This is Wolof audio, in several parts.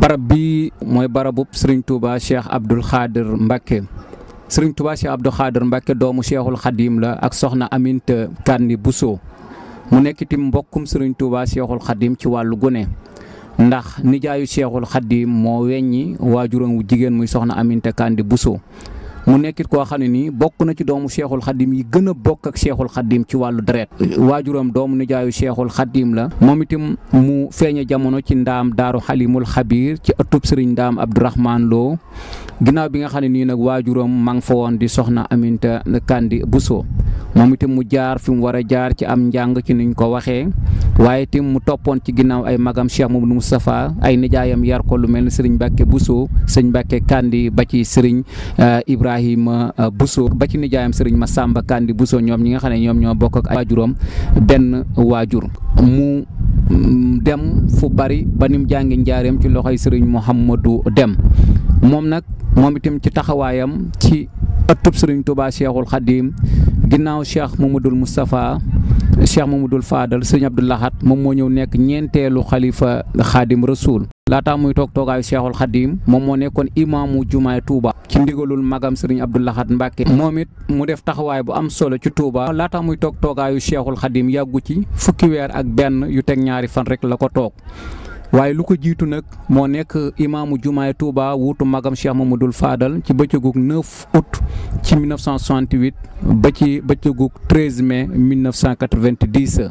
barab bi mooy barabub sëriñ Touba Cheikh Abdoul Khadir Mbacke sëriñ Touba Cheikh Abdoul Khadir Mbacke doomu Cheikhul Khadim la ak soxna Aminta Kanni Bousso mu nekk itam mbokkum sëriñ Touba Cheikhul Khadim ci wàllu gune ndax nijaayu Cheikhul Khadim moo weññi waajuram wu jigéen muy soxna Aminta Kanni Bousso mu nekkit koo xam ne nii bokk na ci doomu Cheikhul Khadim yi gën a bokk ak Cheikhul Khadim ci wàllu deret waajuram doomu nijaayu Cheikhul Khadim la moom itam mu feeñe jamono ci ndaam daaru xalimul Xabir ci ëttub sëriñ ndaam Abdourahman Lo ginnaaw bi nga xam ne nii nag waajuram maa ngi fa woon di soxna Aminta Kandi Bousso moom itam mu jaar fi mu war a jaar ci am njàng ci niñ ko waxee waaye tim mu toppoon ci ginnaaw ay magam Cheikh Mamadou Moustapha ay nijaayam yar ko lu mel ni Serigne Mbacke Bousso Serigne Mbacke Kandi ba ci Serigne euh, Ibrahima euh, Bousso ba ci nijaayam Serigne samba Kandi Bousso ñoom ñi nga xam ne ñoom ñoo bokk ak ay waajuram benn waajur mu mm, dem fu bari ba nim jàngi njaareem ci loxoy Serigne Mouhamadou Dem moom nag moom itam ci taxawaayam ci ëttub Serigne Touba Cheikhul Khadim ginnaaw Cheikh Mamadou Moustapha Cheikh Mamadou Fadal sëñ Abdou moom moo ñëw nekk ñeenteelu xalifa xaadim rasul laataa muy toog toogaayu Cheikhul Khadim moom moo nekkoon imaamu jumaay Touba ci ndigalul magam sëriñ Abdou Lahad Mbacke moom it mu def taxawaay bu am solo ci Touba laata muy toog toogaayu Cheikhul Khadim yàggu ci fukki weer ak benn yu teg ñaari fan rek la ko toog waaye lu ko jiitu nag moo nekk imaamu jumaay tuuba wutu magam Cheikh Mamadou Fadal ci bëccëgug 9 ci 1968 ba ci bëccëgug 13 mai 1990.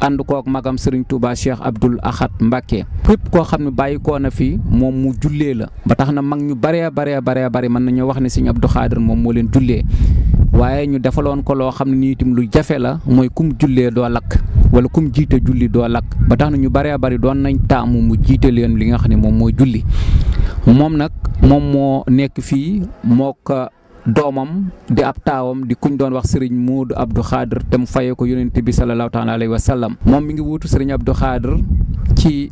ànd kook magam Serigne Touba Cheikh Abdoul Ahad Mbacke képp koo xam ne bàyyi koo na fi moom mu jullee la ba tax na mag ñu baree baree baree bare mën nañoo wax ne Serigne Abdou Khadir moom moo leen jullee waaye ñu defaloon ko loo xam ne nii itam lu jafe la mooy kum jullee doo lakk wala kum jiite julli doo lakk ba tax na ñu baree bari doon nañ taamu mu jiite leen li nga xam ne moom mooy julli moom nag moom moo nekk fii moo doomam di ab taawam di kuñ doon wax sëriñ Moodu Abdou Khader te mu fayee ko yonent bi salallaahu taala alayhi wa sallam moom mi ngi wuutu sëriñ Abdou Khader ci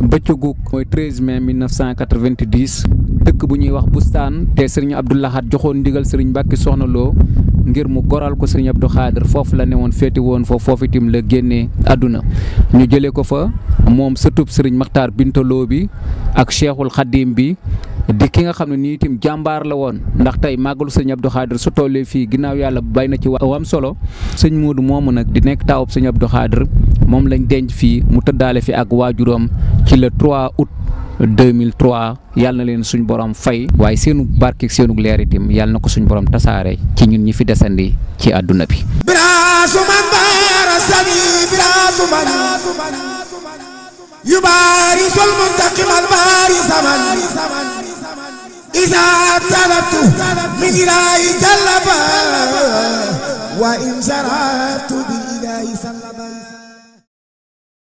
bëccëgu mooy 13 mai 1990 dëkk bu ñuy wax Bustaan te sëriñ abdu Lahad joxoon ndigal sëriñ Mbàkke Soxna loo ngir mu goral ko sëriñ Abdou Khader foofu la ne woon féeti woon fa foofu itam la génnee àdduna ñu jëlee ko fa moom sëtub sëriñ Maxtaar Bintaloo bi ak Cheikhul Xadim bi di ki nga xam ni tim jambar la won ndax tay magul seigne Abdou Khadir su tole fi ginaaw yalla bayna ci wam solo seigne Modou momu nak di nek tawop seigne Abdou Khadir mom lañ denj fi mu tëddaale fi ak wajurom ci le 3 août 2003 yàlla len suñ borom fay way seenu barke seenu leer itam yàlla ko suñ borom ci ñun ñi fi desandi ci aduna bi. إذا طلبت من الله جلبا وإن زرعت